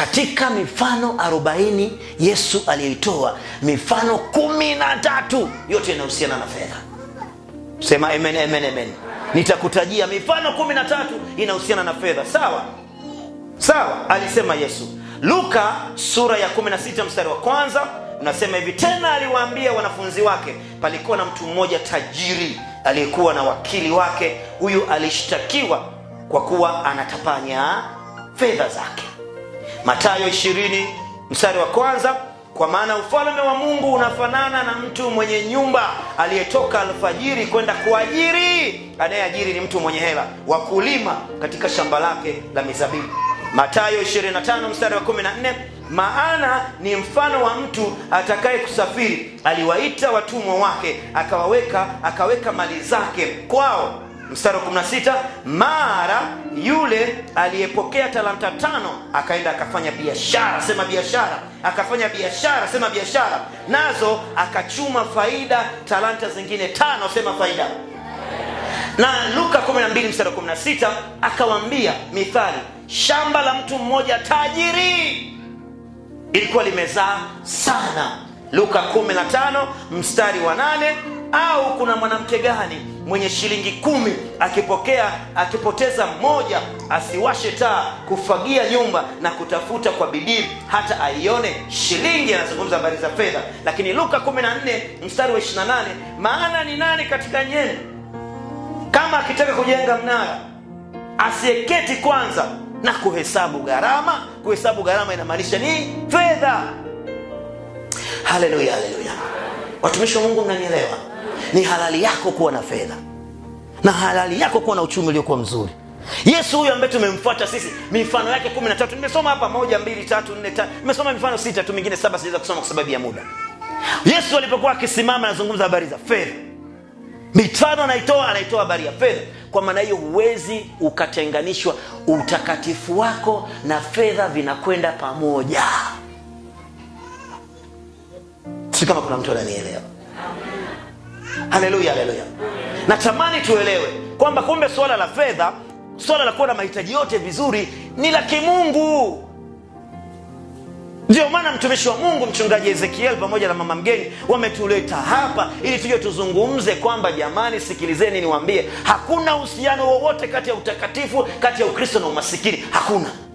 Katika mifano arobaini Yesu aliyoitoa mifano kumi na tatu yote inahusiana na fedha. Sema amen, amen, amen. Nitakutajia mifano kumi na tatu inahusiana na fedha, sawa sawa? Alisema Yesu Luka sura ya 16 mstari wa kwanza unasema hivi, tena aliwaambia wanafunzi wake, palikuwa na mtu mmoja tajiri aliyekuwa na wakili wake. Huyu alishtakiwa kwa kuwa anatapanya fedha zake matayo ishirini mstari wa kwanza kwa maana ufalme wa Mungu unafanana na mtu mwenye nyumba aliyetoka alfajiri kwenda kuajiri. Anayeajiri ni mtu mwenye hela, wakulima katika shamba lake la mizabibu. matayo 25 mstari wa 14, maana ni mfano wa mtu atakaye kusafiri, aliwaita watumwa wake akawaweka akaweka mali zake kwao mstari wa 16, mara yule aliyepokea talanta tano akaenda akafanya biashara, sema biashara, akafanya biashara, sema biashara, nazo akachuma faida talanta zingine tano, sema faida na Luka 12 mstari wa 16 akawambia mithali, shamba la mtu mmoja tajiri ilikuwa limezaa sana. Luka 15 mstari wa 8 au kuna mwanamke gani mwenye shilingi kumi akipokea akipoteza mmoja asiwashe taa kufagia nyumba na kutafuta kwa bidii hata aione shilingi anazungumza habari za fedha lakini luka 14 mstari wa 28 maana ni nani katika nyenu kama akitaka kujenga mnara asiyeketi kwanza na kuhesabu gharama kuhesabu gharama inamaanisha ni fedha haleluya haleluya watumishi wa mungu mnanielewa ni halali yako kuwa na fedha na halali yako kuwa na uchumi uliokuwa mzuri yesu huyu ambaye tumemfuata sisi mifano yake kumi na tatu nimesoma hapa moja mbili tatu nne tatu nimesoma mifano sita tu mingine saba sijaweza kusoma kwa sababu ya muda yesu alipokuwa akisimama anazungumza habari za fedha mitano anaitoa anaitoa habari ya fedha kwa maana hiyo huwezi ukatenganishwa utakatifu wako na fedha vinakwenda pamoja si kama kuna mtu ananielewa haleluya haleluya natamani tuelewe kwamba kumbe suala la fedha suala la kuwa na mahitaji yote vizuri ni la kimungu ndio maana mtumishi wa mungu mchungaji ezekiel pamoja na mama mgeni wametuleta hapa ili tuje tuzungumze kwamba jamani sikilizeni niwaambie hakuna uhusiano wowote kati ya utakatifu kati ya ukristo na umasikini hakuna